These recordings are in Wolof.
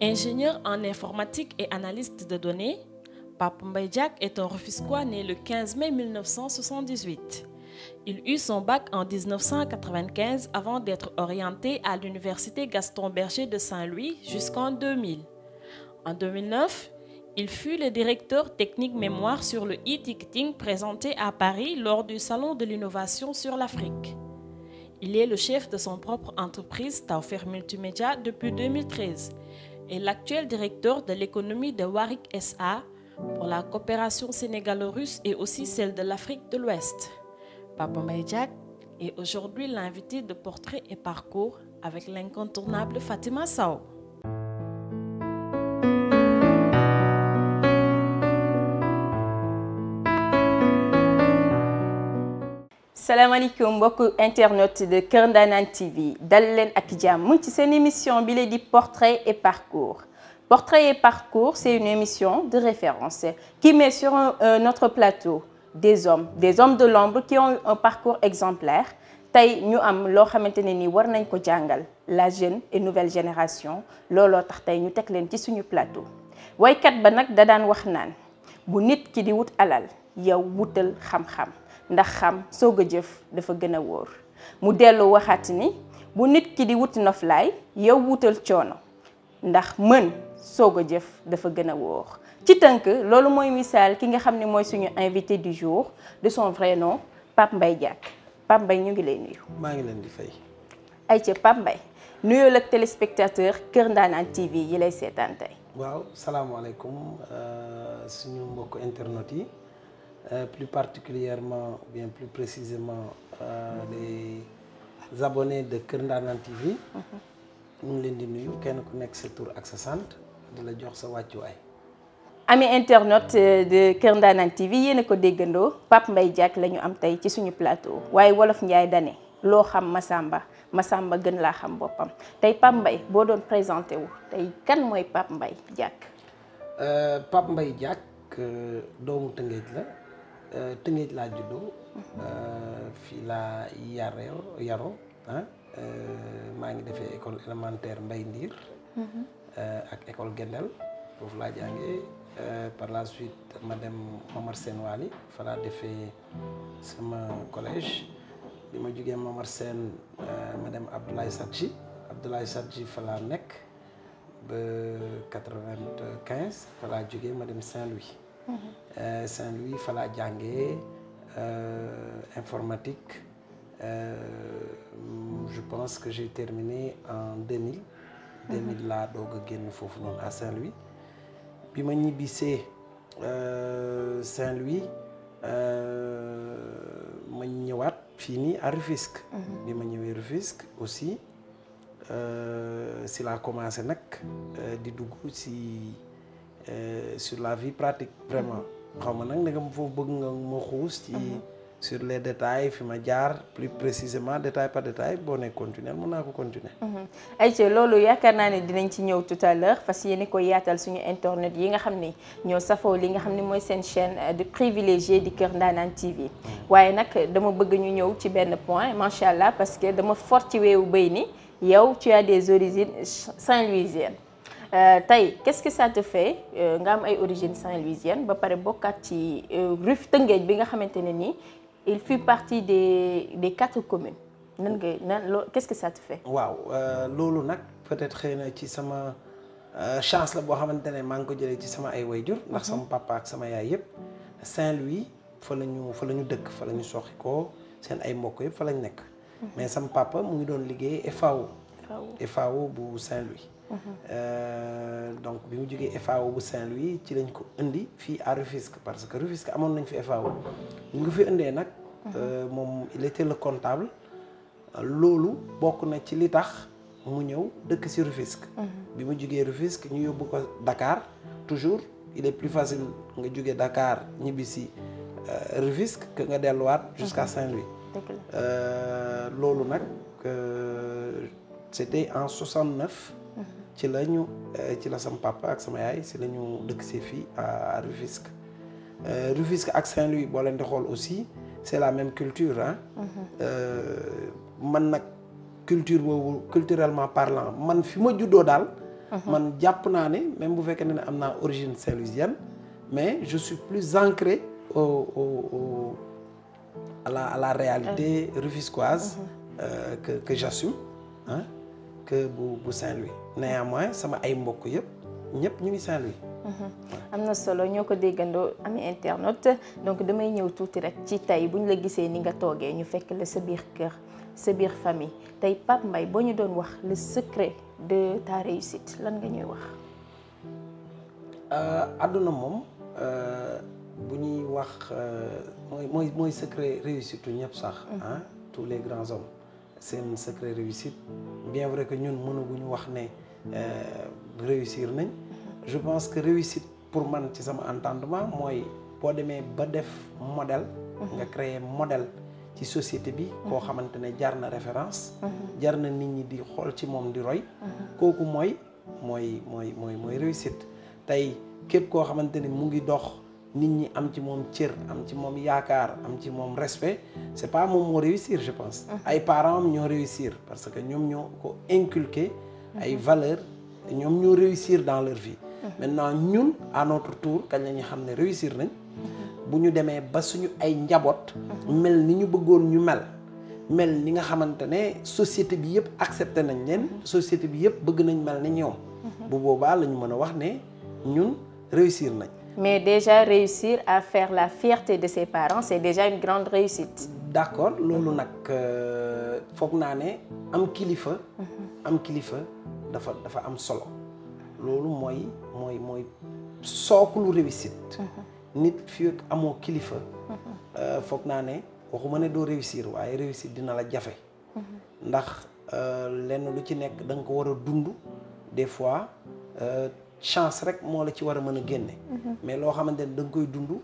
Ingénieur en informatique et analyste de données, Pape Mbaïdiak est un Rufisquois né le 15 mai 1978. Il eut son bac en 1995 avant d'être orienté à l'université Gaston Berger de Saint-Louis jusqu'en 2000. En 2009, il fut le directeur technique mémoire sur le e-ticketing présenté à Paris lors du Salon de l'innovation sur l'Afrique. Il est le chef de son propre entreprise Taufer Multimédia depuis 2013 est l'actuel directeur de l'économie de Warwick SA pour la coopération sénégalo-russe et aussi celle de l'Afrique de l'Ouest. Papa Maïdjak est aujourd'hui l'invité de Portrait et Parcours avec l'incontournable Fatima Sao. salaamaaleykum mbokk internet de Kër Ndanane TV dal leen ak jàmm ci seen émission bi leen di portrait et parcours portrait et parcours c'est une émission de référence qui met sur euh, notre plateau des hommes des hommes de l'ombre qui ont un parcours exemplaire tey ñu am loo xamante ne nii war nañ ko jàngal la jeune et nouvelle génération looloo tax tey ñu teg leen ci suñu plateau waykat ba nag da daan wax naan bu nit ki di wut alal yow wutal xam-xam ndax xam soog a jëf dafa gën a wóor mu dellu waxaat ni bu nit ki di wuti noflaay yow wutal coono ndax mën soog a jëf dafa gën a wóor ci tënk loolu mooy misaal ki nga xam ni mooy suñu invité du jour de son vrai nom Pape Mbaye Diack Pape Mbaye ñu ngi lay nuyu. maa ngi leen di fay. ayca Pape Mbaye nuyoo la ak téléspectateur Kër Ndaanaan TV yi lay seetaan tey. waaw salaamaaleykum euh, suñu mbokk internet yi. euh, plus particulièrement, ou bien plus précisément, euh, les de Kër Ndanane TV. Mhm. ñu ngi leen di nuyu kenn ku nekk sa tour ak sa sant di la jox sa wàccuwaay. ami internet euh, de Kër Ndanane TV yéen a ko déggandoo Pape mbay Diack la ñu am tey ci suñu plateau waaye wolof Njaay dane loo xam Masamba Masamba gën laa xam boppam tey Pape mbay boo doon présenté wu tey kan mooy Pape Mbaye Diack. Euh, Pape Mbaye Diack euh, doomu Tëngéej la. Euh, Tëngéej laa juddoo euh, fii laa yaroo yaroo ah euh, maa ngi defee école élémentaire Mbay Ndiir mhm. ak école Gendel foofu laa jàngee par la suite ma dem Momar Sène Wali fa laa defee sama collège bi ma jugee Momar seen ma dem Abdoulaye Sadji Abdoulaye Sadji falaa nekk ba quatre-vingt-quinze fa laa jugee ma dem Saint-Louis Euh, Saint-Louis falaa jànge jàngee euh, informatique euh, je pense que j'ai terminé en 2000. 2000 laa doog a génn foofu noonu à Saint-Louis bi ma ñibbisee Saint-Louis ma ñëwaat fii nii à Rufisque. Mhm. bi ma ñëwee Rufisque aussi si laa commencé nag di dugg si. Euh, sur la vie pratique vraiment xaw ma nag ndegam foofu bëgg nga ma xuus ci sur les détails fi ma jaar plus précisément détail par boo nekk continuer naa ko continuer mm-hmm. loolu yaakaar naa ne dinañ ci ñëw tout à l'heure fas yéene ko yaatal suñu internet yi nga xam ni ñoo safoo li nga xam ni mooy seen chaîne de privilégié di Kër Ndaanaan TV mm-hmm. waaye nag dama bëgg ñu ñëw ci benn point macha allah parce que dama fort ci weewu béy ni yow tu as des origines saint-louisiennes Euh, tey qu'est-ce que ça te fait euh, nga am ay origine saint-louisienne ba pare bokkaat ci euh, Ruf Tëngéej bi nga xamante ne nii il fait partie des des quatre communes nan nga nan loo qu'est-ce que ça te fait. loolu nag peut-être xëy na ci sama chance boo xamante ne maa ngi ko jëlee ci sama ay wayjur ndax mhm. sama papa sama yaay yëpp Saint-Louis fa la ñu la ñu dëkk fa la ñu soxi ko seen ay mbokk yëpp fa lañ nekk. Mhm. mais sama papa mu ngi doon liggéey FAO. FAO bu Saint-Louis. Euh, donc bi mu jógee FAO bu Saint-Louis ci lañ ko indi fii à Rufisque parce que Rufisque amoon nañ fi FAO ñu ngi fi indee nag. Euh, moom il était le loolu bokk na ci li tax mu ñëw dëkk si Rufisque. Mhm. bi mu jógee Rufisque ñu yóbbu ko Dakar toujours il est plus facile nga jóge dakaar ñibbi si euh, Rufisque nga delluwaat jusqu'à mhm. saint loolu nag c'était en 69. ci la ñu euh, ci la sama papa ak sama yaay si la ñu dëkk see fii à Rufisque euh, Rufisque ak Saint-Louis boo leen di xool aussi c'est la même culture ah man nag culture boobu culturellement parlant man fi ma juddoo daal mhm. man jàpp naa ne même bu fekkee ne am naa origine saint-louisienne mais je suis plus ancré a au au la à la réalité rufisquoise mhm. euh, que que bu bu Saint-Louis néanmoins sama ay mbokk yëpp ñëpp ñu ngi Saint-Louis. Mhm. am na solo ñoo ko déggandoo ami internet donc damay ñëw tuuti rek ci tey bu ñu la gisee ni nga toogee ñu fekk la sa biir kër sa biir famille tey Pape Mbaye boo ñu doon wax le secret de ta réussite lan nga ñuy wax. Euh, àdduna moom euh, bu ñuy wax euh, mooy mooy mooy secret réussite ñëpp sax. Mhm. tous les grands hommes. seen secret réussite bien vrai que ñun mënaguñu wax ne euh, réussir nañ je pense que réussite pour man ci sama entendement mooy boo demee ba def modèle nga créer modèle ci société bi koo xamante ne jar na référence jar na nit ñi di xool ci moom di roy kooku mooy mooy mooy mooy mooy réussite tey képp koo xamante ne mu ngi dox nit ñi am ci moom cër am ci moom yaakaar am ci moom respect c'est pas moom moo réussir je pense mm-hmm. ay parent am ñoo réussir parce que ñoom ñoo ko inculquer ay mm-hmm. valeurs ñoom ñoo réussir dans leur vie mm-hmm. maintenant ñun à notre kañ la xam ne réussir nañ bu ñu demee ba suñu ay njaboot mel ni ñu bëggoon ñu mel mel ni nga xamante ne société bi yëpp accepté nañ leen société bi yëpp bëgg nañ mel ni ñoom bu boobaa la ñu mën a wax ne ñun réussir nañ mais déjà réussir à fair la fierté de ses parents c'est déjà une grande réussite. d'accord loolu nag euh, foog naa ne am kilifa. Mhm. am kilifa dafa dafa am solo loolu mooy mooy sookulu réussite. Mhm. nit fi amoo kilifa. Mhm. Euh, foog naa ne waxuma ne doo réussir waaye réussite dina la jafe. ndax euh, lenn lu ci nekk da nga ko war a dund des fois. chance rek moo la ci war a mën a génne mhm. mais loo xamante ne da nga koy dund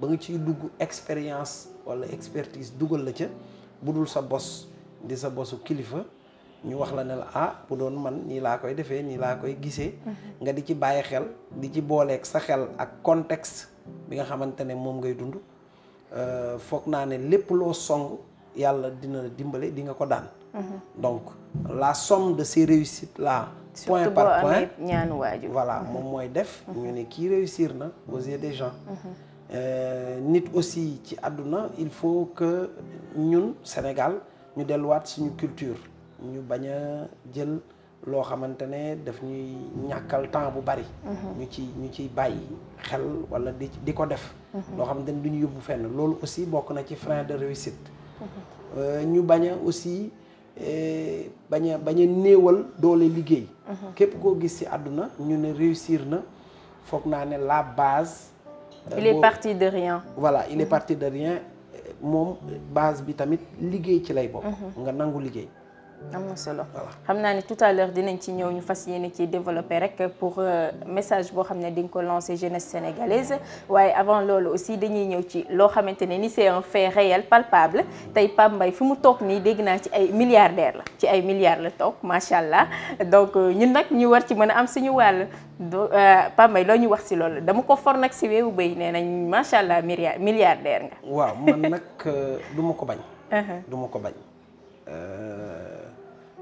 ba nga ciy dugg expérience walla expertise dugal la ca bu dul sa bos di sa bosu kilifa ñu wax la ne la ah bu doon man nii laa koy defee nii laa koy gisee mhm. nga di ci bàyyi xel di ci booleek sa xel ak contexte bi nga xamante ne moom ngay dund euh, foog naa ne lépp loo song yàlla dina la di nga ko daan mhm. donc la somme de ces réussites là point par point ñaanu waajur voilà moom mooy def mm-hmm. ñu ne kii réussir na aux yeux des gens mm-hmm. euh, nit aussi ci àdduna il faut que ñun Sénégal ñu delluwaat suñu culture ñu bañ a jël loo xamante ne daf ñuy ñàkkal temps bu bari mm-hmm. ñu ci ñu ciy bàyyi xel wala di di ko def loo xamante ne du ñu yóbbu fenn loolu aussi bokk na ci frein de réussite euh, ñu bañ aussi bañ a bañ néewal doole liggéey. Mhm. képp koo gis ci àdduna ñu ne réussir na foog naa ne la base. Euh, il est parti de rien. voilà il est mhm. parti de rien moom base bi tamit liggéey ci lay bokk. Mhm. nga nangu liggéey. am na solo xam naa ne tout à dinañ ci ñëw ñu fas yéene ci développer rek pour euh, message boo xam ne di nga ko lancer jeunesse sénégalaise waaye avant loolu aussi dañuy ñëw ci loo xamante ne ni se un fait réel palpable tey Pape Mbaye fi mu toog nii dégg naa ci ay milliardaire la ci ay milliards la toog macha allah donc euh, ñun nag ñu war ci mën a am suñu wàll euh, Pape Mbaye loo ñu wax si loolu dama ko for nag si weewu béy nee nañ macha allah milliardaire nga. waaw man nag du ma ko bañ. Uh-huh. ko bañ.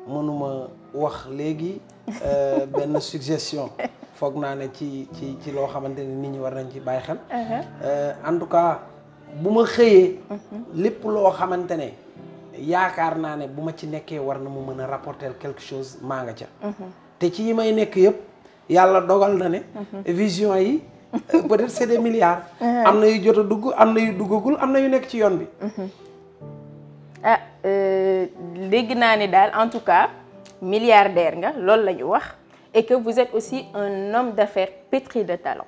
mënuma wax léegi euh, benn suggestion foog naa ne ci ci ci loo xamante ne nit ñi war nañ ci bàyyi xel. Uh-huh. Euh, en tout cas bu ma xëyee. Uh-huh. lépp loo xamante ne yaakaar naa ne bu ma ci nekkee war na mu mën a rapporter quelque chose maa nga ca. Uh-huh. te ci yi may nekk yëpp yàlla dogal na ne. vision yi euh, peut-être c'est des milliards. am na yu jot a dugg am na yu duggagul am na yu nekk ci yoon bi. Ah, Euh, dégg naa ne daal en tout cas milliardaire nga loolu la ñu wax et que vous êtes aussi un homme d'affaires pétri de talent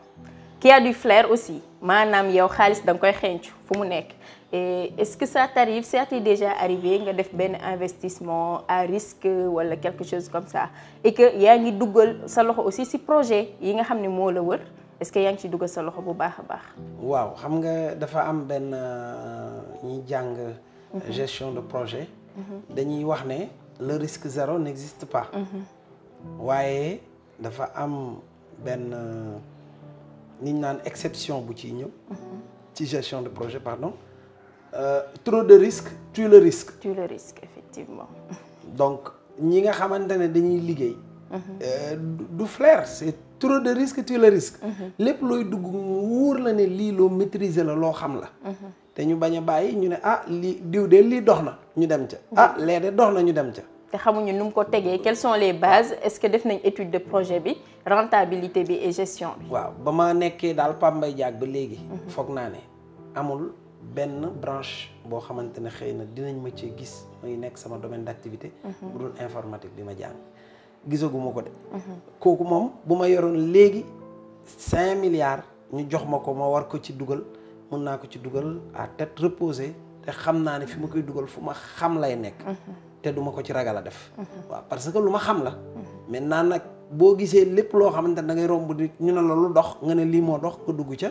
qui a du flair aussi maanaam yow xaalis danga koy xencu fu mu nekk et est-ce que ça t'arrive ça t'est déjà arrivé nga def benn investissement à risque wala quelque chose comme ça et que yaa ngi duggal sa loxo aussi si projet yi nga xam ni moo la wër est-ce que yaa ngi ci dugal sa loxo bu baax a baax waaw xam nga dafa am benn euh, ñi jàng Mhm. gestion de projet mhm. dañuy wax ne le risque zéro n'existe pas mhm. waaye dafa am benn niñ naan exception bu ci ñëw ci gestion de projet pardon euh, trop de risque tue le risque tue le risque effectivement donc ñi nga xamante ne dañuy liggéey euh, du flair c'est trop de risque tue le risque lépp looy dugg mu la ne lii loo maîtriser la loo xam la te ñu bañ a bàyyi ñu ne ah lii diw de lii dox na ñu dem ca mhm. ah lee de dox na ñu dem ca te xamuñu nu mu ko tegee quelles son les bases est-ce que def nañ étude de projet bi rentabilité bi et gestion bi waaw ba ma nekkee daal Pambay Diak ba léegi mhm. foog naa ne amul benn branche boo xamante ne xëy na dinañ ma ci gis muy nekk sama domaine d'activité mhm. bu dul informatique bi ma jàng gisaguma ko de kooku moom bu ma yoroon léegi cinq milliards ñu jox ma ko ma war ko ci dugal mën naa ko ci dugal à tête reposée te xam naa ne fi ma koy dugal fu ma xam lay nekk. te duma ko ci ragal a def. waaw parce que lu ma xam la. maintenant nag boo gisee lépp loo xamante ne da ngay romb di ñu ne la lu dox nga ne lii moo dox ko dugg ca.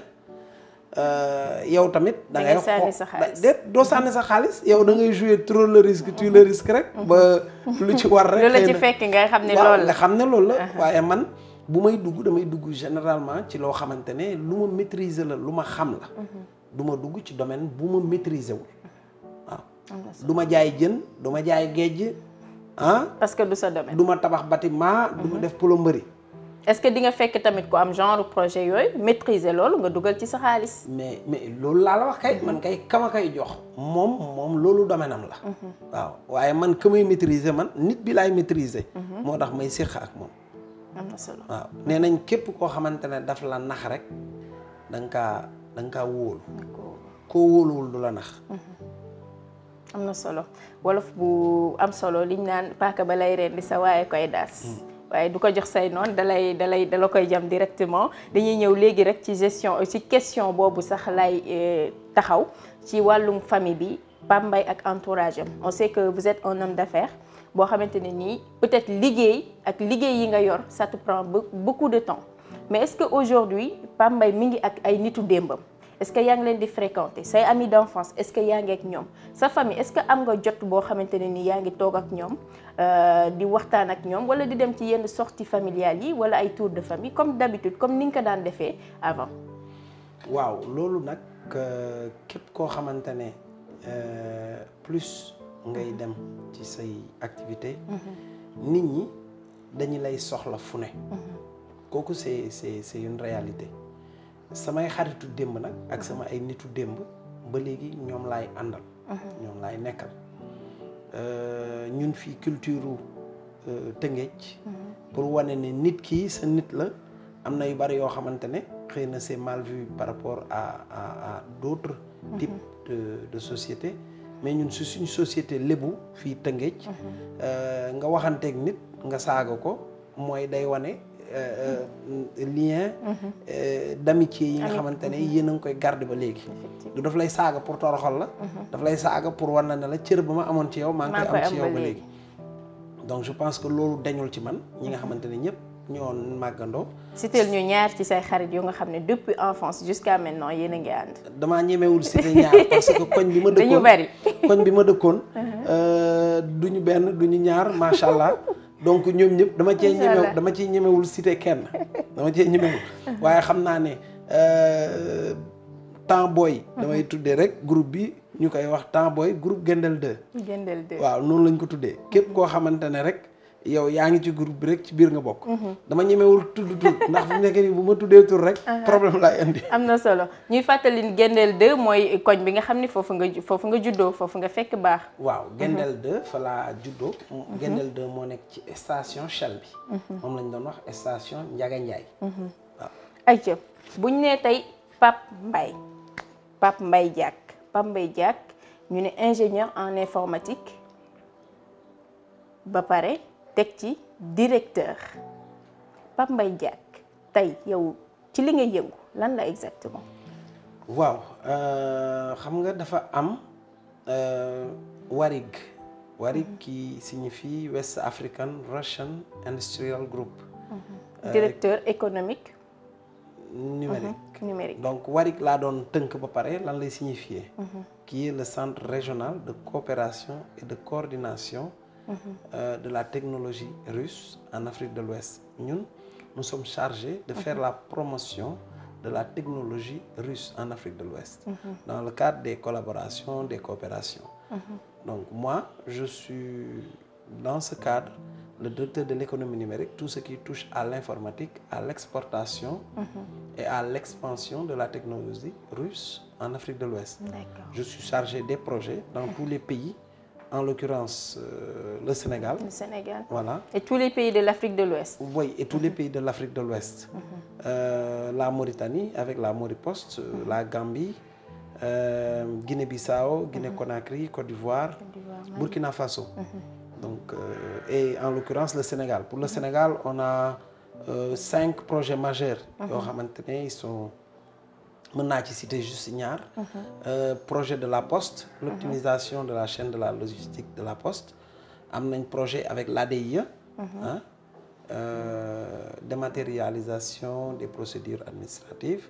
Euh, yow tamit da ngay sànni sa xaalis déet doo sànni sa xaalis yow da ngay jouer trop le risque tu le risque rek. ba lu ci war rek. lu la ci fekk nga xam ne loolu xam ne loolu la uh-huh. waaye man. bu may dugg damay dugg généralement ci loo xamante ne lu ma maîtriser la lu ma xam la mhm. du ma dugg ci domaine bu ma maîtriser wul waaw du ma jaay jën du ma jaay géej ah parce que du sa domaine du ma tabax bâtiment du ma mhm. def plomberie est-ce que di nga fekk tamit ku am genre projet yooyu maîtriser loolu nga dugal ci sa xaalis mais mais loolu laa la wax kay man kay kama kay jox moom moom loolu domaine am la mhm. waaw waaye man ka may maîtriser man nit bi laay maîtriser moo am na solo waaw nee nañ képp koo xamante ne daf la nax rek da nga kaa da nga kaa wóolu. koo wóoluwul du la nax. Mm-hmm. am na solo wolof bu am solo liñ naan paaka ba lay rendi sa waaye koy daas. Mm. waaye du ko jox say noon dalay dalay dala koy jam directement dañuy ñëw léegi rek ci gestion ci question boobu sax lay eh, taxaw ci wàllum famille bi Pape Mbaye ak entourage am on sait que vous êtes un homme d'affaires boo xamante ne nii peut-être liggéey ak liggéey yi nga yor ça te prend beaucoup de temps mais est-ce que aujourd'hui Pape Mbaye mi ngi ak ay nitu démbam est-ce que yaa ngi leen di fréquenter say amis d'enfance est-ce que yaa ngi ak ñoom sa famille est-ce que am nga jot boo xamante ne nii yaa ngi toog ak ñoom euh, di waxtaan ak ñoom wala di dem ci yenn sorties familiales yi wala ay tour de famille comme d'habitude comme ni nga ko daan defee avant. waaw loolu nag euh, képp koo xamante ne euh, plus. ngay dem ci say activité mhm. nit ñi dañu lay soxla fu ne mhm. kooku c'est c'est c'est une réalité samay xaritu démb nag ak sama ay nitu démb ba léegi ñoom laay àndal mhm. ñoom laay nekkal euh, ñun fii culture euh, Tëngéej pour wane ne nit kii sa nit la am na yu bari yoo xamante ne xëy na c'est mal vu par rapport à à à de société mais ñun su suñu société lébu fii Tëngéej euh, nga waxanteeg nit nga saaga ko mooy day wane euh, euh, lien mhm. d'amitié yi nga xamante ne yéen a ngi koy garder ba léegi du daf lay saaga pour toroxal la mhm. daf lay saaga pour war la ne la cër ba ma amoon ci yow maa ngi koy am ci yow ba léegi donc je pense que loolu dañul ci man ñi nga xamante ne ñëpp ñoo màggandoo. citeel ñu ñaar ci say xarit yu nga xam ne depuis enfance jusqu'à maintenant yéen a ngi ànd. damaa ñemewul cité ñaar parce que koñ bi ma dëkkoon dañu bi ma dëkkoon. Uh-huh. Euh, du ñu benn du ñu ñaar macha donc ñoom ñëpp dama cee ñemew dama ciy ñemewul cité kenn dama cee ñemewul. Uh-huh. waaye xam naa ne euh, temps boy uh-huh. damay tuddee rek groupe bi ñu koy wax temps booy group Gendel 2. Gendel waaw noonu lañ ko tuddee képp koo xamante ne rek. yow yaa ngi ci groupe bi rek ci biir nga bokk. Mhm. dama ñemewul tudd tur ndax bu nekkee ni bu ma tuddee tur rek. problème laay indi. am na solo ñuy fàttali Gendel 2 mooy koñ bi nga xam ni foofu nga foofu nga juddoo foofu nga fekk baax. waaw mhm. Gendel de fa laa juddoo. Mhm. Gendel 2 moo nekk ci station Shell bi. moom lañ doon wax station Ndiaga Ndiaye. waaw ne buñ nee tey Pape Mbaye Pape Mbaye Diack Pape Mbaye Diack ñu ne ingénieur en informatique ba pare. teg ci directeur Pape Mbaye Diack tey yow ci li ngay yëngu lan la exactement. waaw euh, xam nga dafa am euh, warig warig mm-hmm. qui signifie West African Russian Industrial Group. Mm-hmm. directeur économique. Euh, mm-hmm. numérique donc warig laa doon tënk ba pare lan lay signifier qui est le centre régional de coopération et de coordination. Euh, de la technologie russe en Afrique de l'Ouest ñun nous sommes chargés de faire la promotion de la technologie russe en Afrique de l'Ouest dans le cadre des collaborations des coopérations donc moi je suis dans ce cadre le directeur de l'économie numérique tout ce qui touche à l'informatique à l'exportation et à l'expansion de la technologie russe en Afrique de l'Ouest je suis chargé des projets dans tous les pays en l'occurrence euh, le Sénégal. Le Sénégal. Voilà. Et tous les pays de l'Afrique de l'Ouest. Oui, et tous les mhm. pays de l'Afrique de l'Ouest. Mm -hmm. euh, la Mauritanie avec la Mauriposte, euh, mm -hmm. la Gambie, euh, Guinée-Bissau, Guinée-Conakry, mm -hmm. Côte d'Ivoire, Burkina Faso. Mhm. Donc, euh, et en l'occurrence le Sénégal. Pour le mhm. Sénégal, on a euh, cinq projets majeurs. Ils sont mën naa ci citer juste ñaar mhm. euh, projet de la poste l'optimisation de la chaine de la logistique de la poste am nañ projet avec l'ADIE ah mhm. euh, matérialisation des procédures administratives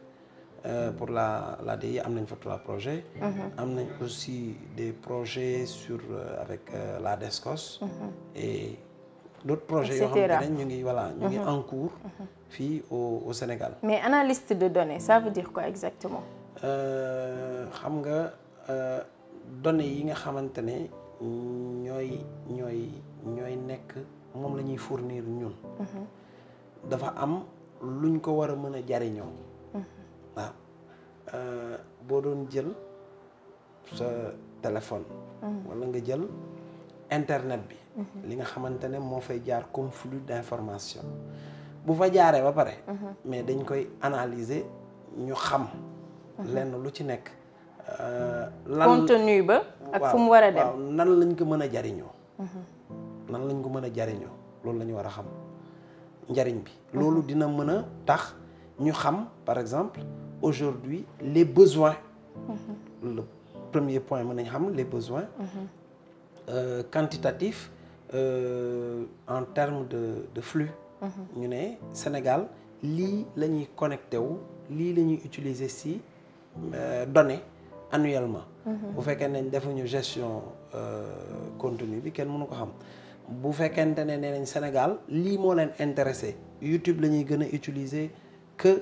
euh, pour la l'ADIE am nañ fa trois mhm. am nañ aussi des projets sur avec la DESCOS d'autres projet yoo xam ne ñu ngi voilà ñu ngi mhm. en fii au au Sénégal. mais analyste de données ça veut dire quoi exactement. Euh, xam nga euh, données yi nga xamante ne ñooy ñooy ñooy nekk moom la ñuy fournir ñun. Mhm. dafa am luñ ko war a mën a jariñoo. Mhm. waaw euh, boo doon jël sa téléphone. wala nga jël. internet bi. Mhm. li nga xamante ne moo fay jaar comme flux d'information bu fa jaaree ba pare. Mhm. mais dañ koy analyser ñu xam. Mhm. lenn lu ci nekk. Euh, lan contenu ba. ak fu mu war a dem nan lañ ko mën a jariñoo. nan lañ ko mën a jariñoo loolu la war a xam njariñ bi. loolu dina mën a tax ñu xam par exemple aujourd'hui les besoins. le premier point mën nañ xam les besoins. euh, quantitatif euh, en terme de de flux. Mhm. ñu ne Sénégal lii lañuy ñuy wu lii lañuy utiliser si euh, donné annuellement. Mhm. bu fekkee ne defuñu gestion euh, continue bi kenn mënu ko xam. bu fekkente ne nee nañ Sénégal lii moo leen intéressé YouTube la ñuy gën a utiliser que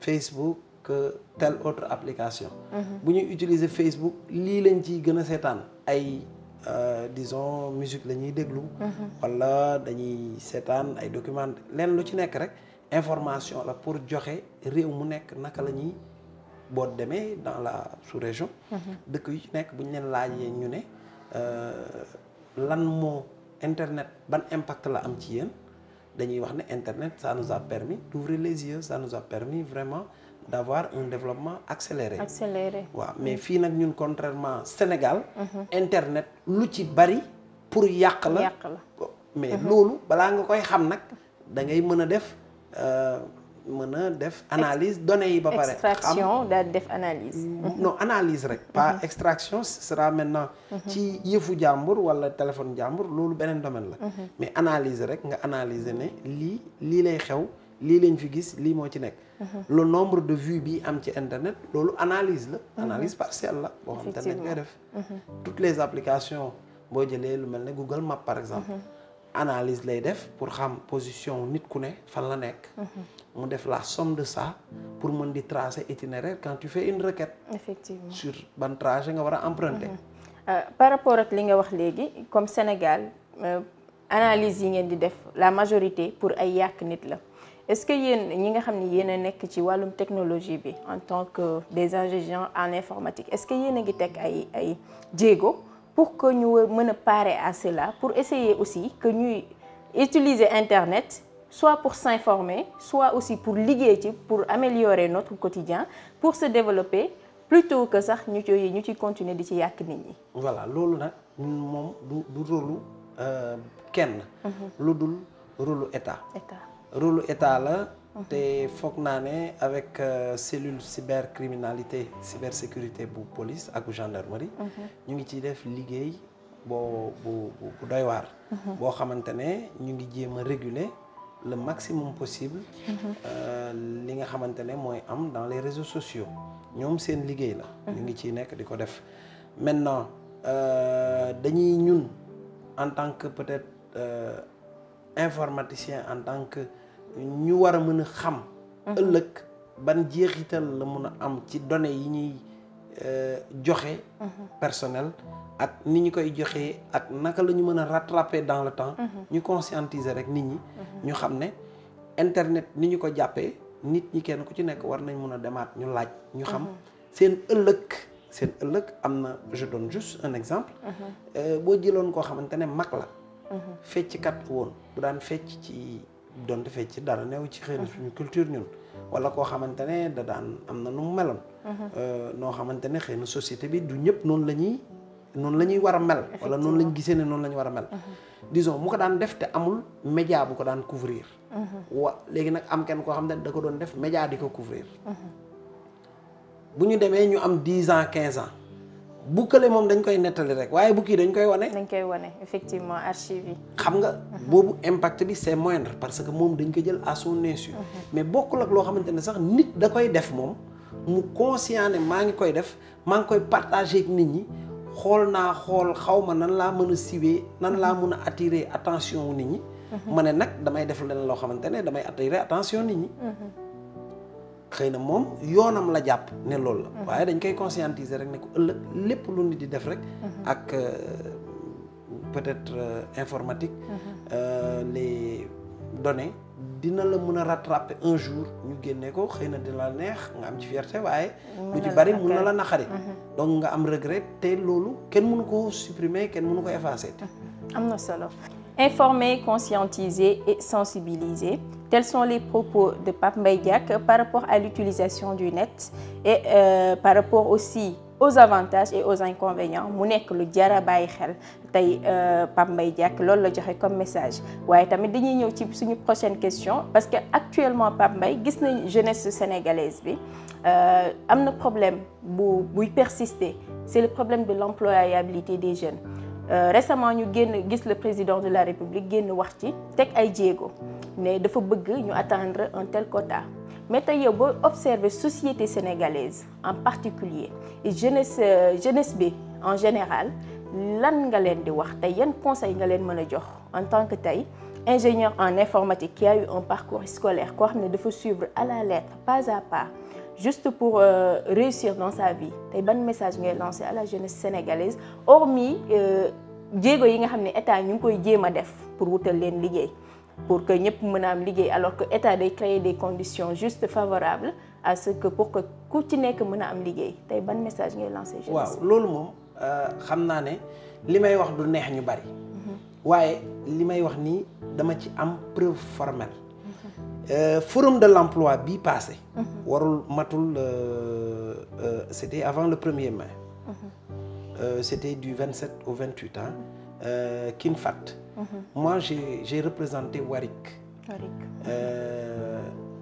Facebook que telle autre application. Mhm. bu ñuy utiliser Facebook lii lañ ciy gën a seetaan ay. Euh, dison musique la ñuy déglu. Mhm. wala dañuy seetaan ay document leen lu ci nekk rek information la pour joxe réew mu nekk naka la ñuy boo demee dans la sous-région. Mhm. dëkk yu ci nekk bu ñu leen laajee ñu ne euh, lan moo internet ban impact la am ci yéen dañuy wax ne internet ça nous a permis d'ouvrir les yeux ça nous a permis vraiment. d' avoir un développement accéléré. accéléré waaw mais fii nag ñun contrairement Sénégal. Mhm. internet lu ci bari pour yàq la yàq mais mhm. loolu balaa nga koy xam nag da ngay mën a def. Euh, mën a def analyse données yi ba pare. extraction daal def analyse. Mm, non analyse rek. pas mhm. extraction ce sera maintenant. ci yëfu jàmbur walla téléphone jàmbur loolu beneen domaine la. mais analyse rek nga analyser ne lii lii lay xew. lii lañ fi gis lii moo ci nekk. Mhm. nombre de vues bi am ci internet loolu analyse la. Mhm. analyse partielle la boo xam te ngay def. Mhm. toutes les applications boo jëlee lu mel ne Google Maps par exemple. analyse lay def pour xam position nit ku ne fan la nekk. mu def la somme de ça pour mën di tracer itinéraire quand tu fais une requête. effectivement sur ban trajet nga war a emprunter. Euh, par rapport ak li nga wax léegi comme Sénégal euh, analyse yi ngeen di def la majorité pour ay yàq nit la. est-ce que yéen ñi nga xam ne yéen nekk ci wàllum technologie bi en tant que des ingénieurs en informatique est-ce que yéen a ngi teg ay ay jéego pour que ñu mën a parer à cela pour essayer aussi que ñuy utiliser internet soit pour s'informer soit aussi pour liggéey ci pour améliorer notre quotidien pour se développer plutôt que sax ñu ci ñu ci continuer di ci yàq nit ñi. voilà loolu nag ñun moom du du euh, kenn. Mm-hmm. lu dul rôle état. rôle état la. Mhm. te foog naa ne avec euh, cellule cybercriminalité cybersécurité bu police ak bu gendarmerie. Mhm. ñu ngi ciy def liggéey boo bu bu doy waar. Mhm. boo xamante ne ñu ngi jéem a réguler le maximum possible. Euh, li nga xamante ne mooy am dans les réseaux sociaux ñoom seen liggéey la. ñu ngi ciy nekk di ko def maintenant euh, dañuy ñun en tant que peut-être. informaticien en tant que ñu war a mën a xam mhm. ëllëg ban jeexital la mun a am ci données yi ñuy euh, joxe mhm. personnel ak ni ñu koy joxe ak naka la ñu mën a rattraper dans le temps mhm. ñu conscientiser rek nit ñi ñu xam ne internet ni ñu ko jàppee nit ñi kenn ku ci nekk war nañ mun a demaat ñu laaj ñu xam seen ëllëg seen ëllëg am na je donne juste un exemple euh, boo jëloon koo xamante ne mag la fecckat woon bu daan fecc ci donte fecc dara new ci xëy na mhm. suñu culture ñun wala koo xamante ne da daan am na nu mu meloon mhm. euh, noo xamante ne xëy na société bi du ñëpp noonu la ñuy la ñuy war a mel wala noonu lañ gisee ne noonu la ñu war a mel mhm. disons mu ko daan def te amul média bu ko daan couvrir wa léegi nag am kenn koo xam ne da ko doon def média di ko couvrir bu ñu demee ñu am dix ans quinze ans bu kële moom dañ koy nettali rek waaye bu kii dañ koy wane. dañ koy wane effectivement archive yi. xam nga boobu impact bi c'est moindre parce que moom dañ ko jël à son mhm. mais bokkul ak loo xamante ne sax nit da koy def moom mu conscient ne maa ngi koy def maa ngi koy partagé nit ñi xool naa xool xawma nan laa mën a siwee nan laa mën a attirer attention nit ñi. Mhm. ma ne nag damay def leneen loo xamante ne damay attirer attention nit ñi. Mhm. xëy na moom yoonam la jàpp ne lool la waaye dañ koy conscientiser rek ne ko ëllëg lépp lu nit di def rek ak euh, peut-être euh, informatique mhm. euh, les données dina la mën a rattraper un jour ñu génne ko xëy na dina la neex nga am ci fierté waaye lu ci bari la naqari mhm. donc nga am regret te loolu kenn mënu ko supprimer kenn mënu ko effacer mhm. am na solo Informer, conscientiser et sensibiliser. Tels sont les propos de Pape Mbaïdiak par rapport à l'utilisation du net et euh, par rapport aussi aux avantages et aux inconvénients mu nekk lu jar a bàyyi xel tey euh, Pape Mbaye Diack loolu la joxe comme message waaye tamit dañuy ñëw ci suñu prochaine question parce que actuellement Pape Mbaye gis nañ jeunesse sénégalaise bi euh, am na problème bu buy persister c'est le problème de l'employabilité des jeunes Euh, récemment ñu génn gis le président de la république génn wax ci teg ay jéego ne dafa bëgg ñu atteindre un tel quota mais tey yow boo observer société sénégalaise en particulier et jeunesse euh, jeunesse bi en général lan nga leen di wax tey yan conseil nga leen mën a jox en tant que tey ingénieur en informatique qui a eu un parcours scolaire koo xam ne dafa suivre à la lettre pas à pas juste pour euh, réussir dans sa vie tey ban message ngay lancer à la jeunesse sénégalaise hormis euh, jéego yi nga xam ne état ñu ngi koy jéem a def pour wutal leen liggéey pour que ñëpp mën a am liggéey alors que état day créer des condition juste favorables à ce que pour que ku ci nekk mën a am liggéey tey ban message ngay lancer jeunesse waaw loolu moom euh, xam naa ne li may wax du neex ñu bari mhm. waaye li may wax nii dama ci am preuve formelle Euh, forum de l'emploi bi passé warul matul euh, euh, c'était avant le premier mai c'était du 27 au vingt 28 ans Kinfat moi j'ai j'ai représenté Warik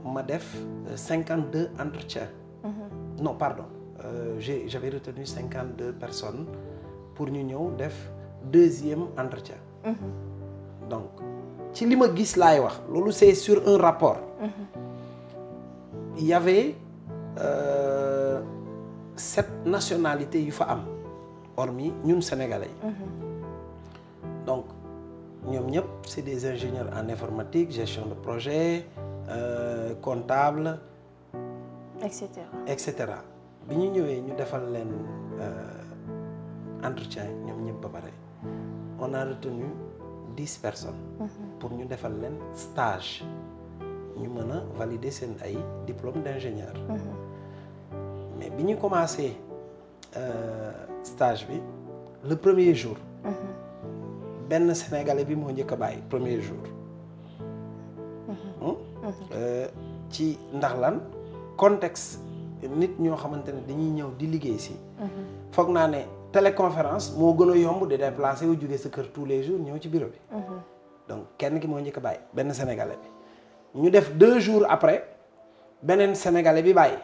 ma def 52 entretiens non pardon j'ai j'avais retenu 52 personnes pour ñu ñëw def deuxième entretien mhm. donc ci li ma gis laay wax loolu c'est sur un rapport il y avait euh, sept nationalités yu fa am hormis ñun sénégalais yi donc ñoom ñëpp c'est des ingénieurs en informatique gestion de projet euh, comptable et cetera cetera bi ñu ñëwee ñu defal leen euh, entretien ñoom ñëpp ba pare on dix personnes. Mhm. pour ñu defal leen stage ñu mën a valider seen ay diplôme d'ingénieur. Mhm. mais bi ñu commencé euh, stage bi le premier jour. Mhm. benn sénégalais bi moo njëkk a bàyyi premier jour. Hmm? Euh, ci ndax lan contexte nit ñoo xamante ne dañuy ñëw di liggéey si. foog naa ne. téléconférence moo gën a yomb di déplacé wu jógee sa kër tous les jours ñëw ci bureau bi. Mhm. donc kenn ki moo njëkk bàyyi benn sénégalais bi ñu def deux jours après beneen sénégalais bi bàyyi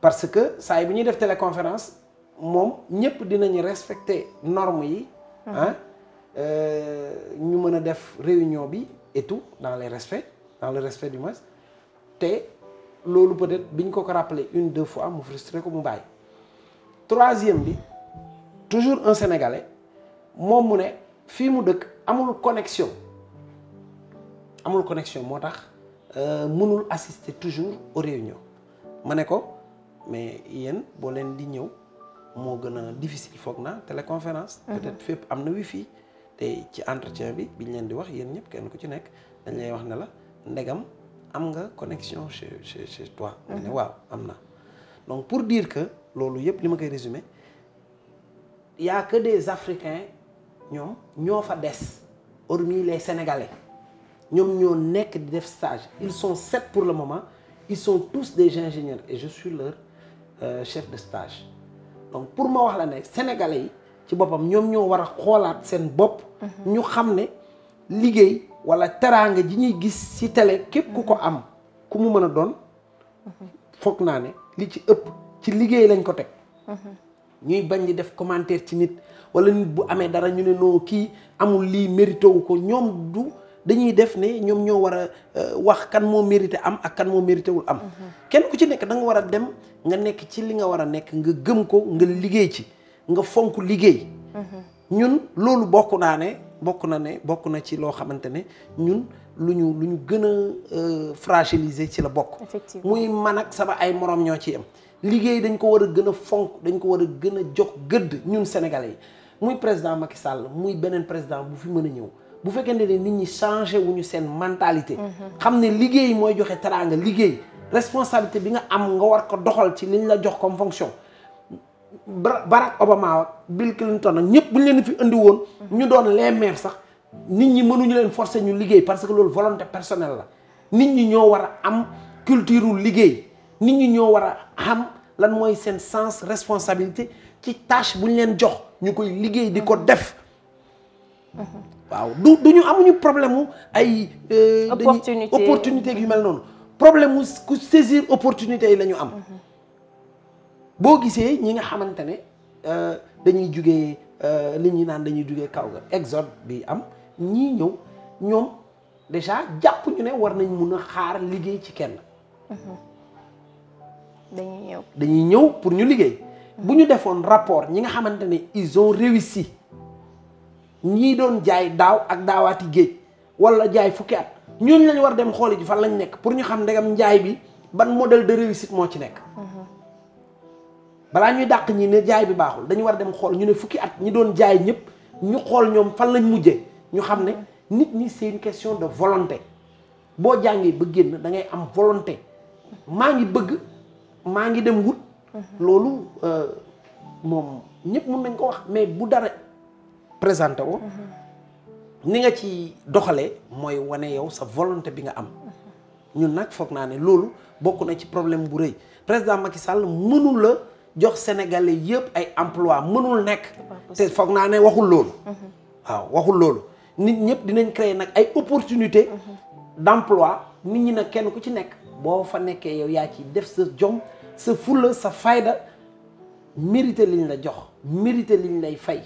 parce que saa yi bu ñuy def téléconférence moom ñëpp dinañu respecter normes yi. ah ñu mën a def réunion bi et tout dans les respects dans le respect du moins te loolu peut-être bi ñu ko ko rappelé une deux fois mu frustré ko mu bàyyi. troisième bi toujours un sénégalais moom mu ne fii mu dëkk amul connexion amul connexion moo tax euh, mënul assister toujours aux réunions ma ne ko mais yéen boo leen di ñëw moo gën a difficile foog na téléconférence mhm. peut-être fépp am na wi fii te ci entretien bi biñ leen di wax yéen ñëpp kenn ku ci nekk dañ lay wax ne la ndegam am nga connexion chez toi mhm. nga waaw am na donc pour dire que loolu yëpp li ma koy résumé y a que des africains ñoom ñoo fa des hormis les sénégalais ñoom ñoo nekk di def stage ils sont sept pour le moment ils sont tous des ingénieurs et je suis leur euh, chef de stage donc pour ma wax la ne sénégalais yi ci boppam ñoom ñoo war a xoolaat seen bopp mhm. ñu xam ne liggéey wala teraanga ji ñuy gis ci télé képp ku ko am ku mu mën a doon mhm. foog naa ne li ci ëpp ci liggéey lañ ko teg. Mhm. ñuy bañ di def commentaire ci nit wala nit bu amee dara ñu ne noo kii amul lii mérité wu ko ñoom du dañuy def ne ñoom ñoo war a euh, wax kan moo mérité am ak kan moo mérité wul am. Mhm. kenn ku ci nekk da nga war a dem nga nekk ci li nga war a nekk nga gëm ko nga liggéey ci nga fonk liggéey. Mhm. ñun loolu bokk naa ne bokk na ne bokk na ci loo xamante ne ñun lu ñu lu ñu gën a euh, fragiliser ci la bokk. muy man ak sama ay morom ñoo ci am liggéey dañ ko war a gën a fonk dañ ko war a gën a jox gëdd ñun sénégalais yi muy président Macky Sall muy beneen président bu fi mën a ñëw bu fekkente ne nit ñi changé ñu seen mentalité. Mhm. xam ne liggéey mooy joxe teraanga liggéey responsabilité bi nga am nga war ko doxal ci liñ la jox comme fonction. Barack Obama ak Bill Clinton ak ñëpp bu ñu leen fi indi woon. ñu doon les maires sax nit ñi mënuñu leen forcer ñu liggéey parce que loolu volonté personnelle la nit ñi ñoo war a am culture liggéey. nit ñi ñoo war a xam lan mooy seen sens responsabilité ci tâche bu ñu leen jox ñu koy liggéey di ko mm-hmm. def. Mm-hmm. waaw du du ñu amuñu problème mu ay. Euh, opportunité opportunité yu mel noonu. problème mu ku saisir opportunité yi la ñu am. Mm-hmm. boo gisee ñi nga xamante ne euh, dañuy jugee euh, li ñuy naan dañuy jugee kaw ga exode bi am ñii ñëw ñoom déjà jàpp ñu ne war nañ mun a xaar liggéey ci kenn. dañuy ñëw dañuy ñëw pour ñu liggéey. bu ñu defoon rapport ñi nga xamante ne ils réussi ñii doon jaay daaw ak daawaati géej wala jaay fukki at ñooñu lañ war dem xooli ji fan lañ nekk pour ñu xam ndegam njaay bi ban modèle de réussite moo ci nekk. ñuy dàq ñi ne jaay bi baaxul dañu war dem xool ñu ne fukki at ñi doon jaay ñëpp ñu xool ñoom fan lañ mujje ñu xam ne nit ñi c'est question de volonté boo jàngee ba génn dangay am volonté maa ngi bëgg. maa ngi dem wut mhm. loolu euh, moom ñëpp mun nañ ko wax mais bu dara présenté woo mhm. ni nga ci doxalee mooy wane yow sa volonté bi nga am mhm. ñun nag foog naa ne loolu bokk na ci problème bu rëy président Macky Sall mënul la jox sénégalais yëpp ay emploi mënul nekk te foog naa ne waxul loolu waaw waxul loolu nit ñëpp dinañ créer nag ay opportunité d'emploi nit ñi nag kenn ku ci nekk boo fa nekkee yow yaa ci def sa jom sa fulla sa fayda mérité liñ la jox mérité liñ lay fay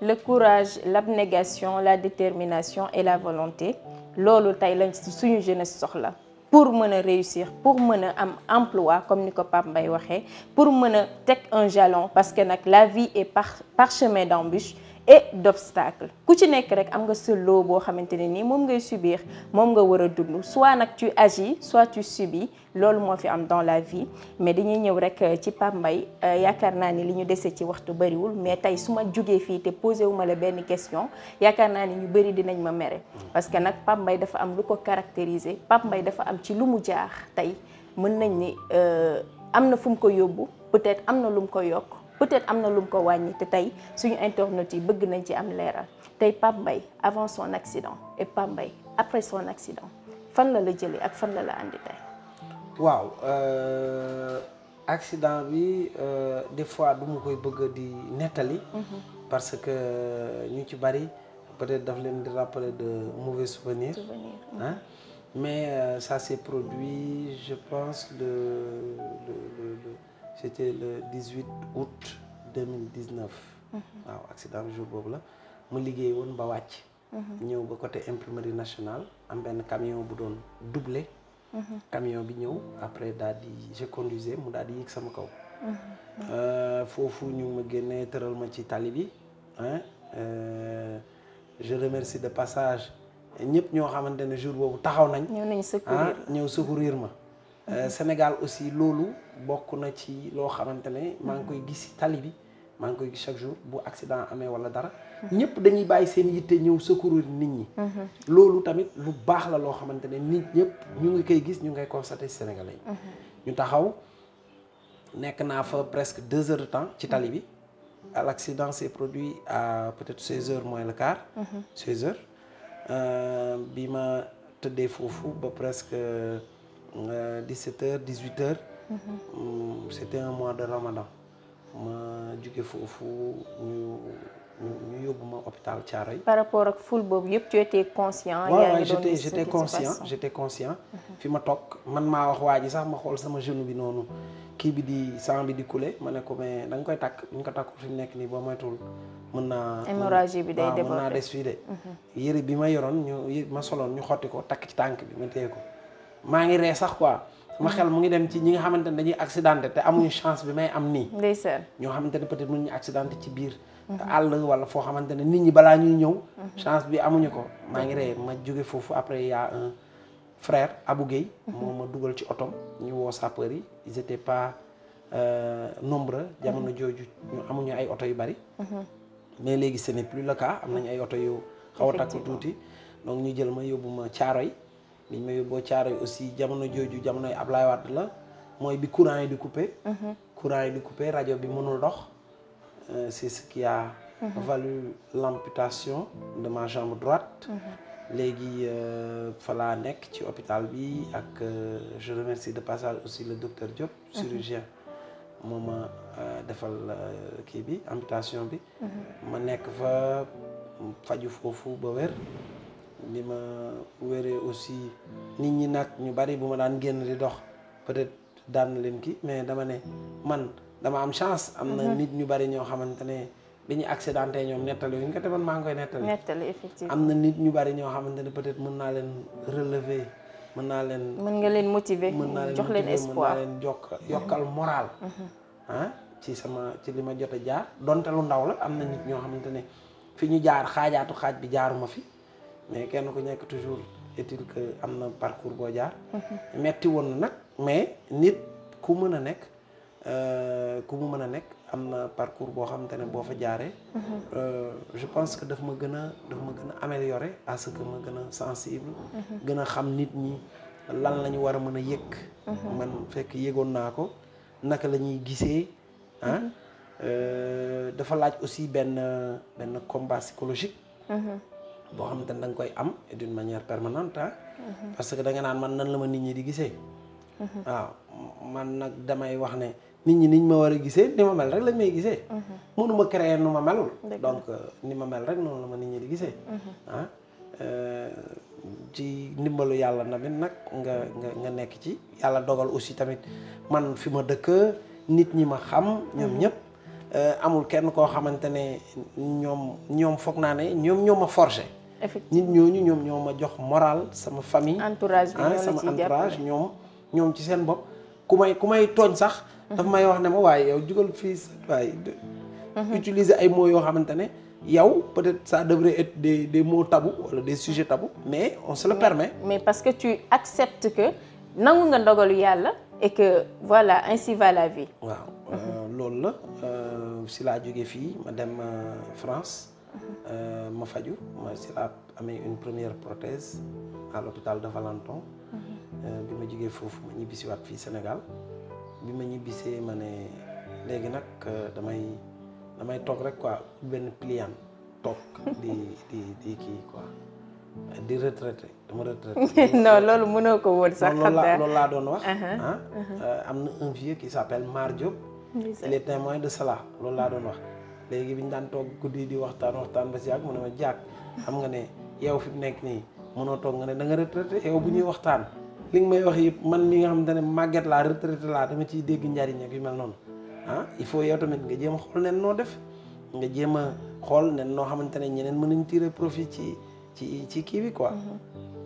le courage l'abnégation la détermination et la volonté loolu tey lañ suñu jeunesse soxla pour mën a réussir pour mën a am emploi comme ni ko Pape mbay waxee pour mën a teg un jalon parce que nag la vie est par parchemin d'embûches et d'obstacles ku ci nekk rek am nga sa lot boo xamante ne nii moom ngay subir moom nga war a dund soit nag tu agis soit tu subis loolu moo fi am dans la vie mais dañuy ñëw rek euh, ci Pape Mbaye euh, yaakaar naa ni li ñu desee ci waxtu bëriwul mais tey su ma jugee fii te posé wu ma la benn question yaakaar naa ni ñu bëri dinañ ma mere parce que nag Pape Mbaye dafa am lu ko caractériser Pape mbay dafa am ci lu mu jaax tey mën nañ ni euh, am na fu mu ko yóbbu peut-être am na lu mu ko yokk peut-être am na lu mu ko wàññi te tey suñu internautes yi bëgg nañ ci am leeral tey Pape mbay avant son accident et Pape Mbaye après fan la la jëlee ak fan la la andi waaw euh, accident bi euh, des fois du ma koy bëgg di nettali. Mhm. parce que ñu ci bari peut-être daf leen di rappeler de mauvais souvenirs. mais euh, ça s'est produit je pense le le le, le c'était le 18 août 2019. Mhm. waaw accident bi jour boobu la mu liggéey woon ba wàcc. Mhm. ñëw ba côté imprimerie nationale am benn camion bu doon doublé. camion bi ñëw après daal di je conduisais mu daal di yéeg sama kaw. Euh, foofu ñu ma génnee tëral ma ci tali bi ah je remercie de passage ñëpp ñoo xamante ne jour boobu taxaw nañ. ñëw nañ secourir ah, ñëw secourir ma. Euh, Sénégal aussi loolu bokk na ci loo xamante ne maa ngi koy gis ci tali bi. maa ngi koy gis chaque jour bu accident amee wala dara ñëpp dañuy bàyyi seen yitte ñëw secourir nit ñi loolu tamit lu baax la loo xamante ne nit ñëpp ñu ngi koy gis ñu ngay constaté si sénégalais yi ñu taxaw nekk naa fa presque deux heures de temps ci tali bi à l' accident s'est produit à peut-être seize heures moins le quart seize heures euh, bi ma tëddee foofu ba presque euh, dix sept heures dix huit heures mhm. mm, c'était un mois de ramadan ma jóge foofu ñu ñu yóbbu ma hôpital Thiaroye. par rapport ak ful boobu yëpp tu étais conscient. yaa ngi mhm. fi ma toog man maa wax waa ji sax ma xool sama genou bi noonu kii bi di sang di coulé ma ne ko mais da koy takk bu ko takku fi nekk nii boo moytuwul mën naa. hémorragie bi day naa des mhm. ma yoroon ma soloon ñu xotti ko takk ci tànk bi ma téye ko maa ngi ree sax quoi. sama xel mu ngi dem ci ñi nga xamante ne dañuy accidenté te amuñu chance bi may am nii. ndeysaan ñoo xamante ne peut-être mënuñu accidenté ci biir. àll wala foo xamante ne nit ñi balaa ñuy ñëw. chance bi amuñu ko maa ngi rey ma jóge foofu après y a un frère Abou Gueye. moo ma dugal ci otom ñu woo sapeur yi ils étaient pas euh, nombreux jamono jooju ñu ay oto yu bari. mais léegi ce plus le cas am nañu ay oto yu. xaw a tuuti donc ñu jël ma yóbbu ma caaro yi biñ ma yóbboo caaro yi aussi jamono jooju jamonoy Ablaye Wade la mooy bi courant yi di coupé. Mhm. courant yi di coupé rajo bi mënul dox euh, c'est ce qui a mhm. valu l'amputation de ma jambe mhm. léegi euh, fa laa nekk ci hôpital bi ak euh, je remercie de passage aussi la docteur Diop chirurgien moo ma defal kii bi amputation bi ma nekk fa faju foofu ba wér li ma wéree aussi nit ñi nag ñu bari bu ma daan génn di dox peut-être daan na leen kii mais dama ne man dama am chance. am na mhm. nit ñu bari ñoo xamante ne bi ñu accidenté ñoom nettali ñu ko te maa ngi koy nettali. nettali am na nit ñu bari ñoo xamante ne peut-être mën naa leen relever. mën naa leen mën nga leen motiver. jox leen espoir mën naa leen jokk yokkal moral. Mhm. ah ci sama ci li ma jot a jaar donte lu ndaw la am na nit ñoo xamante ne fi ñu jaar xaajaatu xaaj bi jaaruma fi. mais kenn ku nekk toujours est-il que am na parcours boo jaar. Mhm. metti woon na nag mais nit ku mën a nekk euh, ku mu mën a nekk am na parcours boo xamante ne boo fa jaaree. Mhm. Euh, je pense que daf ma gën a daf ma gën a améliorer à que ma gën a sensible. Mhm. gën a xam nit ñi lan la ñu war a mën a yëg. man fekk yëgoon naa ko naka la ñuy gisee ah. Euh, dafa laaj aussi benn benn combat psychologique. boo xamante ne da nga koy am et d'une manière permanente mhm. parce que da nga naan man nan la ma nit ñi di gisee. Mhm. waaw man nag damay wax ne nit ñi niñ ma war a gisee ni ma mel rek lañ may gisee. Mhm. mënuma créer nu ma melul. donc euh, ni ma mel rek noonu la ma nit ñi di gisee. ah euh, ci ndimbalu yàlla na tamit nag nga nga nga nekk ci yàlla dogal aussi tamit man fi ma dëkk nit ñi ma xam. ñoom ñëpp. Euh, amul kenn koo xamante ne ñoom ñoom foog naa ne ñoom ñoo ma forcé nit ñooñu ñoom ñoo ma jox moral sama famille. entourage ah, sama entourage ñoom ñoom ci seen bopp. ku may ku may tooñ sax. daf may wax ne ma waaye yow jugal fii waaye. Mhm. utiliser ay mots yoo xamante ne yow peut-être ça devrait être des des mots tabous wala des sujets tabous mais on se le permet. mais parce que tu acceptes que nangu nga ndogalu yàlla. et que voilà ainsi va la vie. waaw euh, loolu la euh, si laa jógee fii ma dem euh, France. Euh, ma faju ma si laa amee une première prothèse à l'hôpital de Valenton mhm. euh, bi ma jógee foofu ma ñibbisiwaat fii Sénégal bi ma ñibbisee ma ne léegi nag euh, damay damay toog rek quoi benn pliant toog di di di kii quoi di retraité dama retraité. non loolu mënoo ko woon sax. xam naa loolu laa doon wax. Uh-huh, ah uh-huh. am na un vieux qui témoin de cela loolu laa doon wax. léegi bi ñu daan toog guddi di waxtaan waxtaan ba si yàgg mu ne ma jàkk xam nga ne yow fi mu nekk nii mënoo toog nga ne da nga retraité yow bu ñuy waxtaan li nga may wax yëpp man li nga xamante ne màgget laa retraité laa dama ci dégg njariñ ak yu mel noonu ah il faut yow tamit nga jéem xool nen noo def nga jéem a xool nen noo xamante ne ñeneen mën nañ tirer profit ci ci ci kii bi quoi mhm.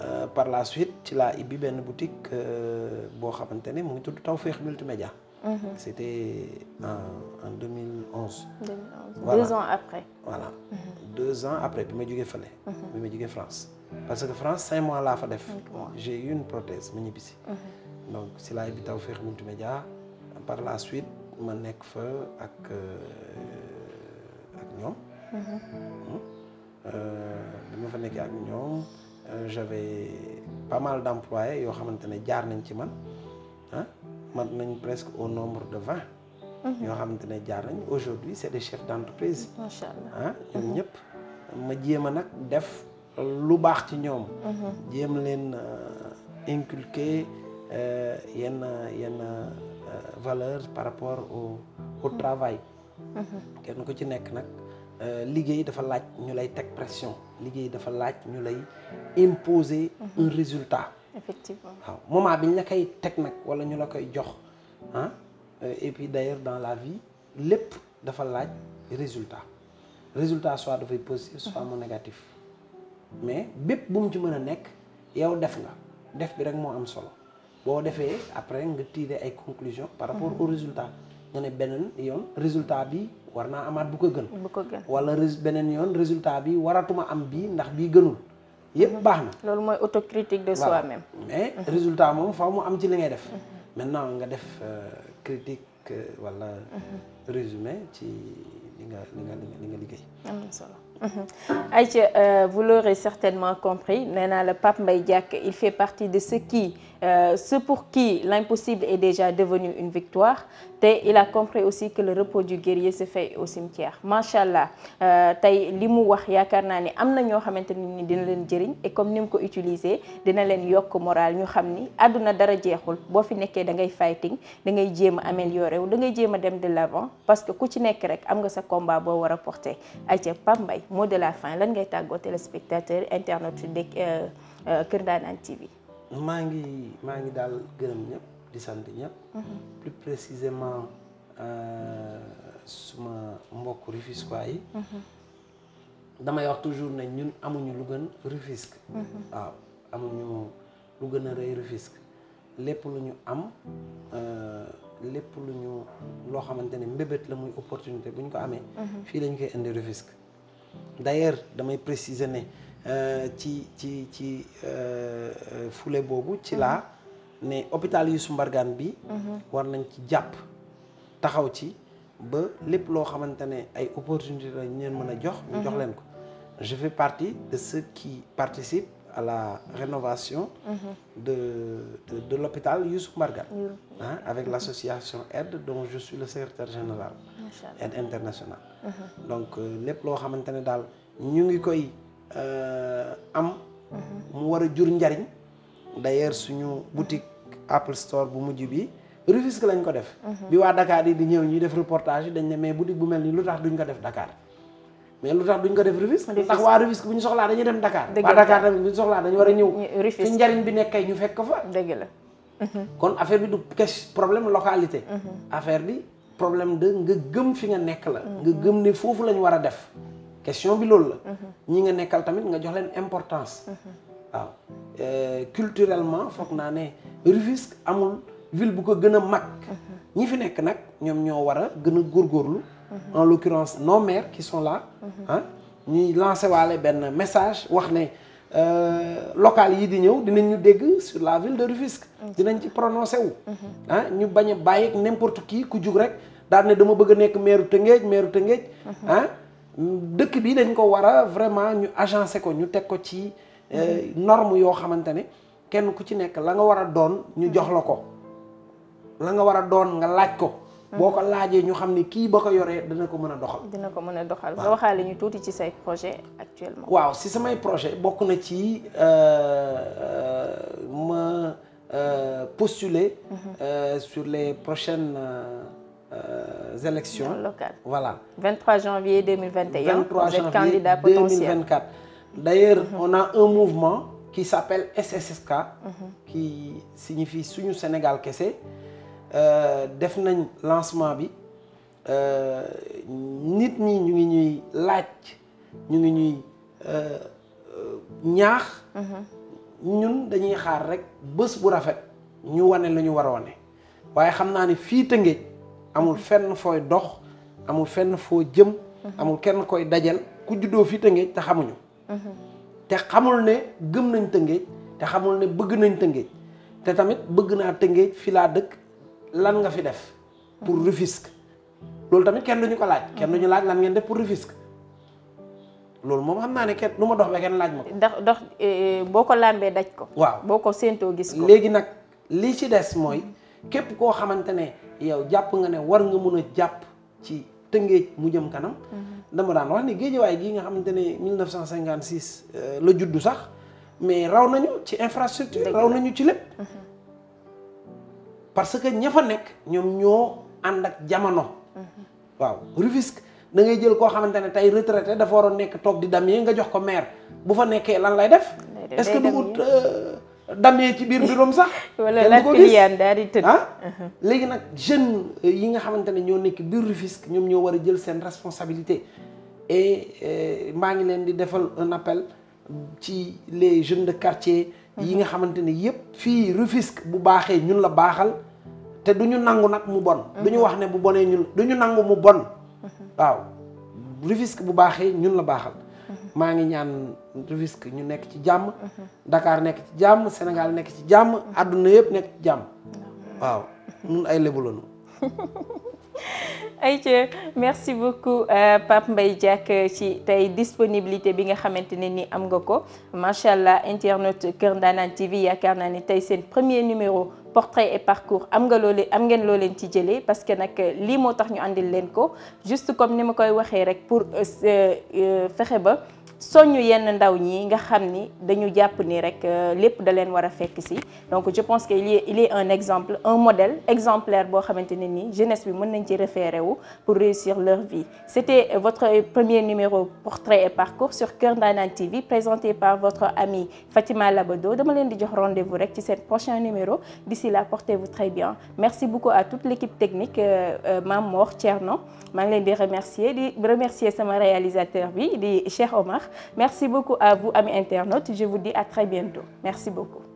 euh, par la suite ci laa ibbi benn boutique euh, boo xamante ne mu ngi tudd taw Tawfekh Multimédia Mm-hmm. c'était euh, en en 2011. 2011 voilà. deux ans après. voilà mm-hmm. deux ans après bi ma jógee fële. Mm-hmm. bi ma jógee France. parce que France cinq mois laa fa def. j'ai eu une prothèse ma si laay bi taw feex multimédia par la suite ma nekk fa ak euh, ak ñoom. Hmm? Euh, bi ma fa nekkee ak ñoom j'avais pas mal d'employés yoo xamante ne jaar nañ ci man. mat nañ presque au nombre de vingt. ñoo xamante ne jaar nañ aujourd'hui c'est des chefs d'entreprise. macha allah ah ñoom ñëpp ma jéem a nag def lu baax ci ñoom. Mhm. jéem leen euh, inculquer euh, yenn yenn euh, valeurs par rapport au au mhm. travail. Mhm. kenn ku ci nekk nag liggéey dafa laaj ñu lay teg pression liggéey dafa laaj ñu lay imposer un résultat. effectivement waaw moment bi ñu la koy teg nag wala ñu la koy jox ah et puis d'ailleurs dans la vie lépp dafa laaj résultat résultat soit dafay positif soit mu négatif mais bépp bu mu ci mën a nekk yow def nga def bi rek moo am solo boo defee après nga tirer ay conclusions par rapport au résultat nga ne beneen yoon résultat bi war naa amaat bu ko gën. bu wala beneen yoon résultat bi waratuma am bi ndax bii gënul. yëpp baax na. loolu mooy autocritique de soi même. mais mhm. résultat moom faaw mu am ci li ngay def. Mhm. maintenant nga def euh, critique euh, wala mhm. résumé ci li nga li nga li nga liggéey. am na solo. Aïcha euh, vous l'aurez certainement compris nee naa la Pape Mbaye Diack il fait partie de ceux qui. Euh, ceux pour qui l'impossible est déjà devenu une victoire te il a compris aussi que le repos du guerrier se fait au cimetière macha allah euh, tey li mu wax yaakaar naa ni am na ñoo xamante ni dina leen jëriñ et comme ni mu ko utiliser dina leen yokk moral ñu xam ni àdduna dara jeexul boo fi nekkee da ngay fighting da ngay jéem a améliorer wu da ngay jéem a dem de l'avant parce que ku ci nekk rek am nga sa combat boo war a porter ayca Pape Mbaye mot de la fin lan ngay tàggoo téléspectateur internaute de euh, euh, Kër Ndanane TV maa ngi maa ngi daal gërëm ñëpp di sant ñëpp. Mhm. plus précisément euh, suma mbokk Rufisquois yi. Mhm. damay wax toujours ne ñun amuñu lu gën Rufisque. Mhm. waaw amuñu lu gën a rëy Rufisque lépp lu ñu am euh, lépp lu ñu loo xamante ne mbébét la muy opportunité bu ñu ko amee. fii lañ koy indi Rufisque d'ailleurs damay préciser ne. Euh, ci ci ci euh, euh, fule boobu ci laa ne hôpital Youssou Mbargane bi mhm. war nañ ci jàpp taxaw ci ba lépp loo xamante ne ay opportunité la ñu leen mën a jox ñu jox mhm. leen ko je fais partie de ceux qui participent à la rénovation mhm. de de, de l'hôpital Youssou Mbargane avec l'association Aide dont je suis le secrétaire général Aide international donc lépp loo xamante ne daal ñu ngi koy Euh, am mhm. mu war a jur njariñ d'ailleurs suñu boutique Apple Store bu mujj bi Rufisque lañ ko def mhm. bi waa Dakar yi di ñëw ñuy def reportage yi dañ ne mais boutique bu mel nii lu tax duñ ko def dakaar mais lu tax duñ ko def Rufisque lu tax waa Rufisque bu ñu soxlaa dañuy dem Dakar waa Dakar tamit bu ñu soxlaa dañu war a ñëw fi njariñ bi nekkee ñu fekk ko fa dëgg la mhm. kon affaire bi du cash problème localité affaire bi problème de nga gëm fi nga nekk la nga gëm ne foofu lañ war a def question bi loolu la. Mhm. ñi nga nekkal tamit nga jox leen importance. Mhm. waaw euh, culturellement foog naa ne Rufisque amul ville bu ko gën a mag. Mhm. ñi fi nekk nag ñoom ñoo war a gën a góorgóorlu. en l'occurrence nos maires qui sont là. ah waale benn message wax ne euh, local yi di ñëw dinañ ñu dégg sur la ville de Rufisque. dinañ ci prononcé wu. ah ñu bañ a bàyyi n'importe qui ku jug rek daal ne dama bëgg a nekk maire Tëngéej maire Tëngéej ah, dëkk bi dañ ko war a vraiment ñu agencé ko ñu teg ko ci euh, norme yoo xamante ne kenn ku ci nekk la nga war a doon ñu jox la ko la nga war a doon nga laaj ko boo ko laajee ñu xam ne kii ba ko yoree dina ko mën a doxal dina ko mën a doxal nga waxaale ñu tuuti ci say projet actuellement waaw si samay projet bokk na ci euh, euh, ma postuler mhm. sur les prochaines Euh, élections locales voilà. 23 janvier 2021. 23 vous êtes candidat potentiel 2024. d'ailleurs mhm. on a un mouvement qui s'appelle SSSK. Mhm. qui signifie suñu Sénégal kese euh, def nañ lancement bi euh, nit ñi ñu ngi ñuy laaj ñu ngi ñuy ñaax. Mhm. ñun dañuy xaar rek bés bu rafet ñu wane lañu ñu war a wane waaye xam naa ni fii Tëngéej amul fenn foo dox amul fenn foo jëm amul kenn koy dajal ku juddoo fi Tëngéej te xamuñu te xamul ne gëm nañ Tëngéej te xamul ne bëgg nañ Tëngéej te tamit bëgg naa Tëngéej fi laa dëkk lan nga fi def pour Rufisque loolu tamit kenn duñu ko laaj kenn duñu laaj lan ngeen def pour Rufisque loolu moom xam naa ne kenn lu ma dox ba kenn laaj ma ko ndax dox eh, boo ko làmbee daj ko waaw boo ko séentoo gis ko léegi nag li ci des mooy képp koo xamante ne yow jàpp nga ne war nga mun a jàpp ci tëngéej mu jëm kanam. Mhm. dama daan wax ne géejawaay gii nga xamante ne 1956 euh, la juddu sax mais raw nañu ci infrastructure raw nañu ci lépp. Mhm. parce que ña fa nekk ñoom ñoo ànd ak jamono. Mhm. waaw Rufisque da ngay jël koo xamante ne tey retraité dafa waroon nekk toog di damyee nga jox ko maire bu fa nekkee lan lay def. est que du damee ci biir biroom sax. wala la client daal ah uh-huh. léegi nag jeunes euh, yi nga xamante ne ñoo nekk biir Rufisque ñoom ñoo war a jël seen responsabilité et euh, maa ngi leen di defal un appel ci les jeunes de quartier. Uh-huh. yi nga xamante ne yëpp fii Rufisque bu baaxee ñun la baaxal te du ñu nangu nag mu bon. Uh-huh. du ñu wax ne bu bonee ñun du ñu nangu mu bon. waaw Rufisque bu baaxee ñun la baaxal. maa ngi ñaan Rufisque ñu nekk ci jàmm. ndakaar nekk ci jàmm Sénégal nekk ci jàmm. àdduna yëpp nekk ci jàmm. waaw ñun ay lébu lañu. ayca merci beaucoup euh, Pape Mbaye Diack euh, ci tey disponibilité bi nga xamante ne ni am nga ko macha allah internet Kër Ndanane TV yaakaar naa ni tey seen premier numéro portrait et parcours am nga loo leen am ngeen loo leen ci jëlee parce que nag euh, lii moo tax ñu àndil leen ko juste comme ni ma koy waxee rek pour fexe ba. soññu yenn ndaw ñi nga xam ni dañu jàpp ni rek euh, lépp da leen war a fekk si donc je pense que il est un exemple un modèle exemplaire boo xamante ne ni jeunesse bi mën nañ ci référé wu pour réussir leur vie c'était votre premier numéro portrait et parcours sur Kër Ndanane TV présenté par votre amie Fatima Labado dama leen di jox rendez-vous rek ci seen prochain numéro d'ici là portez-vous très bien merci beaucoup à toute l'équipe technique euh, euh, Mame Mor Thierno maa ngi leen di remercier di remercier sama réalisateur bi di Cheikh Omar Merci beaucoup à vous, amis internautes. Je vous dis à très bientôt. Merci beaucoup.